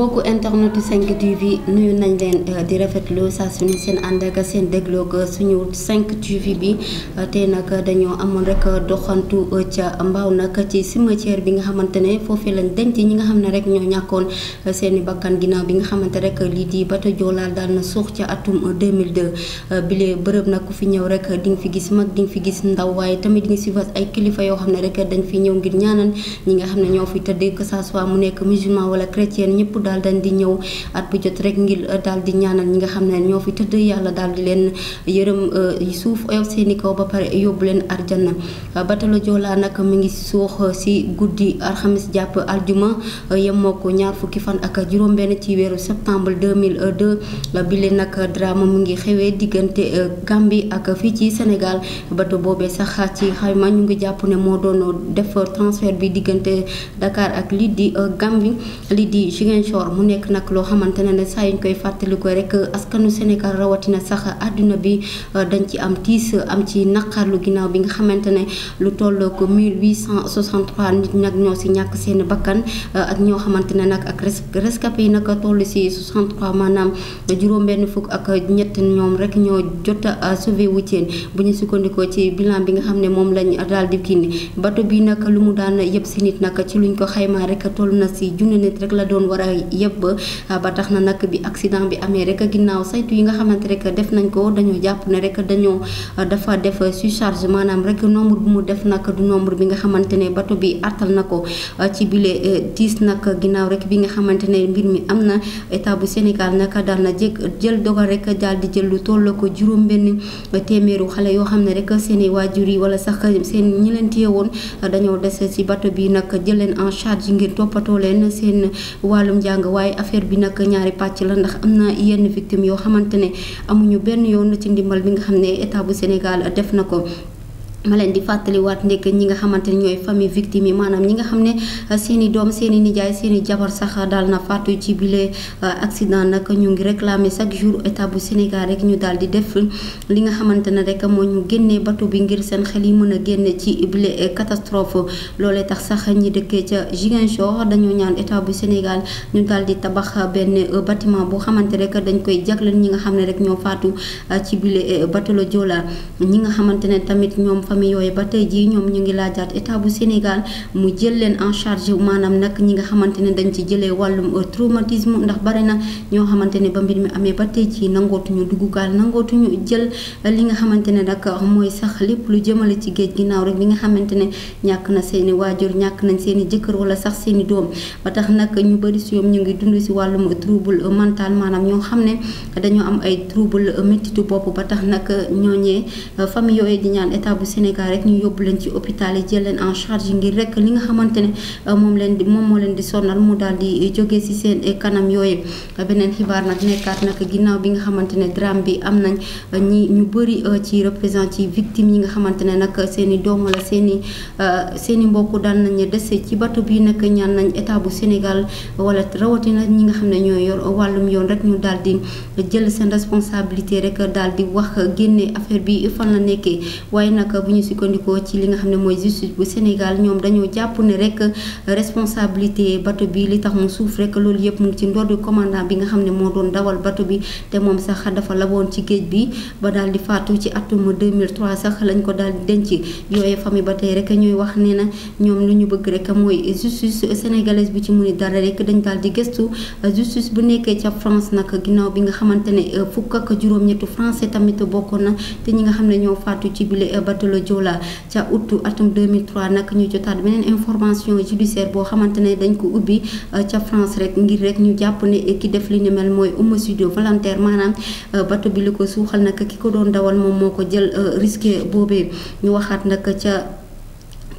mbokku internet 5 TV nuyu nañ leen euh, di rafetlu saa su ne seen ànd ak seen dégloog suñu 5 TV bi euh, tey nag dañoo amoon rek doxantu euh, ca mbaaw nag ci cimetière bi nga xamante ne foofee lañ denc ñi nga xam ne rek ñoo ñàkkoon seeni i bakkan ginnaaw bi nga xamante rek lii di bato joolaal daan na suux ca atum 2002 bile bërëb nag ku fi ñëw rek di nga fi gis mag di fi gis ndaw waaye tamit di si fas ay kilifa yoo xam ne rek dañ fi ñëw ngir ñaanal ñi nga xam ne ñoo fi tëdd que soit mu nekk musulman daal di ñëw at bu jot rek ngir euh, daal di ñaanal ñi nga xam ne ñoo fi tëdd yàlla daal di leen euh, yërëm euh, suuf oyof seeni kaw ba pare yóbbu leen arjana batalo Joola nag mu ngi suux si guddi alxamis jàpp aljuma yemoo ko ñaar fukki fan ak juróom-benn ci weeru septembre 2002 bi leen nag drame mu ngi xewee diggante Gambie ak fii ci Sénégal bato boobe sax ci xayma ñu ngi jàpp ne moo doon def transfert bi diggante dakaar ak lii di Gambie lii di Ziguinchor koor mu nekk nag loo xamante ne saa yuñ koy fàttali ko rek askanu Sénégal rawatina sax àdduna bi euh, dañ ci am tiis am ci naqarlu ginnaaw bi nga xamante ne lu toll ko 1863 nit nag ñoo si ñàkk seen bakkan euh, ñoo xamante ne nag ak rescapé yi toll si 63 maanaam juróom-benn fukk ak ñoom rek ñoo jot a sauvé wucceen bu ñu sukkandikoo ci bilan bi nga xam ne moom lañ daal di génne bato bi nag lu mu daan yëpp si nit nag ci luñ ko xaymaa rek toll na si junne nit rek la doon war a yeb ah, ba tax na nag bi accident bi amé rek ginnaw saytu yi nga xamanté rek def nañ ko dañu japp né rek dañu ah, dafa def ah, surcharge manam rek nombre bu mu def nak du nombre bi nga xamanté né bato bi artal nako ci bile 10 eh, nak ginnaw rek bi nga xamanté né mbir mi amna état bu Sénégal nak dal na jég jël dogal rek dal di jël lu toll ko juróom benn eh, téeméeru xale yoo rek séni wajuri wala sax sen ñi leen téye woon ci bato bi nak jël leen en charge ngir topato leen sen walum jàng waaye affaire bi nag ñaari pàcc la ndax am na yenn victime yoo xamante ne amuñu benn yoon ci ndimbal bi nga xam ne état bu Sénégal def na ko ma leen di fàttaliwaat ndekk ñi nga xamante ni ñooy famille victime yi maanaam ñi nga xam ne euh, seeni doom seeni nijaay seen i jabar sax daal na faatu ci bile euh, accident nag ñu ngi réclamer chaque jour état bu Sénégal rek ñu daal di def li nga xamante ne rek moo ñu génnee bato bi ngir seen xel yi a génn ci bile euh, catastrophe loolee tax sax ñi dëkkee ca Ziguinchor dañoo ñaan état bu Sénégal ñu daal di tabax benn batiment boo xamante rek dañ koy jagleel ñi nga xam ne rek ñoo faatu ci bile bato la ñi nga xamante ne tamit ñoom famille yooyu ba tey jii ñoom ñu ngi laajaat état bu Sénégal mu jël leen en charge maanaam nag ñi nga xamante ne dañ ci jëlee wàllum euh, traumatisme ndax bari na ñoo xamante ne ba mbir mi amee ba tey jii nangootuñu dugg gaal nangootuñu jël li xamante ne nag mooy sax lépp lu jëmale ci géej ginnaaw rek li nga xamante ne ñàkk na seeni waajur ñàkk nañ seeni jëkkër wala sax seeni doom ba tax nag ñu bari si yoom ñu ngi dund si wàllum trouble mental maanaam ñoo xam ne dañoo am ay trouble méttitu bopp ba tax nag ñooñee euh, famille yooyu di ñaan Sénégal rek ñu yóbbu leen ci hôpital yi leen en charge ngir rek li nga xamante ne euh, moom leen di moom moo di sonal mu daal di euh, jóge si seen euh, kanam yooyu beneen xibaar nag nekkaat nag ginnaaw bi nga xamante ne drame bi am nañ ñi ñu bëri ci représente ci victime yi nga xamante ne nag seen i doom seen i seen i mbokk daan nañu dese ci bato bi nag ñaan nañ état bu Sénégal wala rawatina ñi nga xam ne ñoo yor wàllum yoon rek mu daal di jël seen responsabilité rek daal di wax génne affaire bi fan la nekkee waaye nag. bu ñu sukkandikoo ci li nga xam ne mooy justice bu Sénégal ñoom dañoo jàpp ne rek euh, responsabilité bato bi li tax mu suuf rekk loolu yëpp mu ngi ci ndodd commandant bi nga xam ne moo doon dawal bato bi te moom sax dafa laboon ci géej bi ba daal di faatu ci atum 2003 sax lañ ko daal di denc yooye famille ba tey rek ñuy wax nee na ñoom lu ñu bëgg rek mooy justice sénégalaise bi ci mu ni dara rek dañ daal di gëstu justice bu nekkee ca France nag ginnaaw bi nga xamante ne euh, fukk ak juróom-ñetti français tamit bokkoon na te ñi nga xam ne ñoo faatu ci bile euh, bato Joola ca août atum 2003 nag ñu jotaat beneen information judiciaire boo xamante ne dañ ko ubbi euh, ca France rek ngir rek ñu jàpp ne ki def li ni mel mooy homicide volontaire maanaam euh, bato bi li ko suuxal nag ki ko doon dawal moom moo ko jël euh, risqué boobee ñu waxaat nag ca.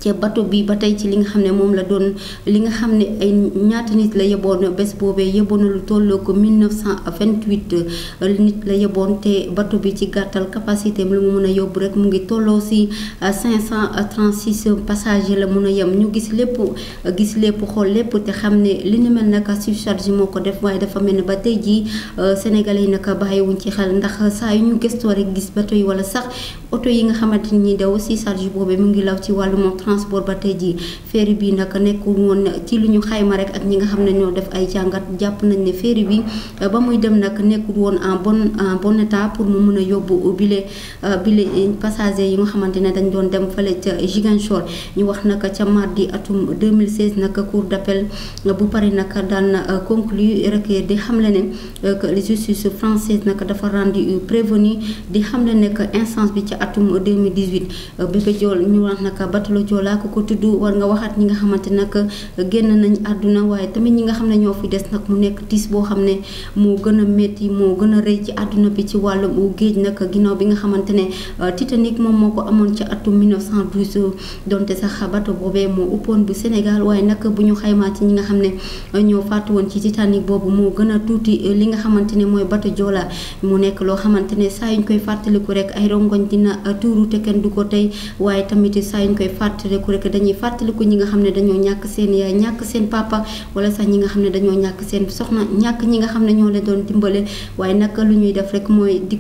ca bato bi ba tey ci li nga xam ne moom la doon li nga xam ne ay ñaata nit la yeboon bés boobee yeboon lu tolloo ko 1928 nit la yeboon te bato bi ci gàttal capacité lu mu mën a yóbbu rek mu ngi tolloo si 536 euh, passagers la mun a yem ñu gis lépp euh, gis lépp xool lépp te xam ne li ni mel naka surcharge moo ko def waaye dafa mel ne ba tey jii euh, sénégalais yi naka bàyyiwuñ ci xel ndax saa yu ñu gëstoo rek gis bato yi wala sax oto yi nga xamante ni daw si charge boobee mu ngi law ci wàllum transport ba tey jii ferry bi nag nekkul woon lu ñu xayma rek ak nga xam ne ñoo def ay jàngat jàpp nañ ne ferry bi euh, ba muy dem nag nekkul woon en bon en bon état pour mu mun a yóbbu bile euh, bile passager yi nga xamante ne dañ doon dem fële ca Ziguinchor ñu wax nag ca mardi atum 2016 nag cour d'appel euh, bu Paris nag daan conclu rek di xamle ne que justice française nag dafa rendi prévenu di xamle ne instance bi ci atum 2018 bébé jool ñu wax nag batalo loola ku ko tudd war nga waxaat ñi nga xamante nag génn nañ àdduna waaye tamit ñi nga xam ne ñoo fi des nag mu nekk tiis boo xam ne moo gën a métti moo gën a rëy ci àdduna bi ci wàllum géej nag ginnaaw bi nga xamante ne euh, Titanic moom moo ko amoon ci atum 1912 donte sax bato boobee moo uppoon bu Sénégal waaye nag bu ñu xaymaa ci ñi nga xam ne ñoo woon ci Titanic boobu moo gën a tuuti euh, li nga xamante ne mooy bato Joola mu nekk loo xamante ne saa yuñ koy fàttaliku rek ay rongoñ dina euh, tuuru te kenn du ko tey waaye tamit saa yuñ koy fàttali fàttaliku rek dañuy fàttaliku ñi nga xam ne dañoo ñàkk seen yaay ñàkk seen pàppa wala sax ñi nga xam ne dañoo ñàkk seen soxna ñàkk ñi nga xam ne ñoo leen doon dimbale waaye nag lu ñuy def rek mooy di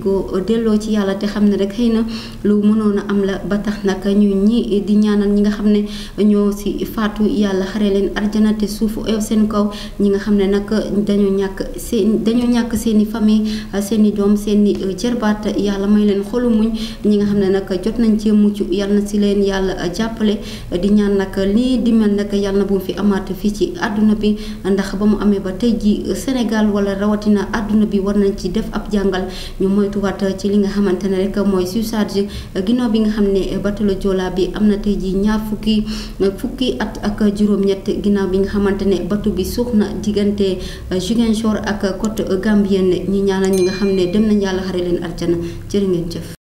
delloo ci yàlla te xam ne rek xëy na lu mënoon a am la ba tax nag ñu ñi di ñaanal ñi nga xam ne ñoo si faatu yàlla xare leen arjana te seen kaw ñi nga xam ne nag dañoo ñàkk seen dañoo ñàkk seen i famille seen i doom seen i jërbaat yàlla may leen xolu muñ ñi nga xam ne nag jot nañ cee mucc yàlla na leen yàlla jàppale di ñaan nag lii di mel yàlla na bu mu fi amaat fii ci àdduna bi ndax ba mu amee ba tey ji Sénégal wala rawatina àdduna bi war nañ ci def ab jàngal ñu moytuwaat ci li nga xamante ne rek mooy surcharge ginnaaw bi nga xam ne bateau Joola bi am na tey ji ñaar fukki fukki at ak juróom-ñett ginnaaw bi nga xamante ne bateau bi suux na diggante Ziguinchor ak côte gambienne ñi ñaanal ñi nga xam ne dem nañ yàlla xare leen aljana jërë ngeen jëf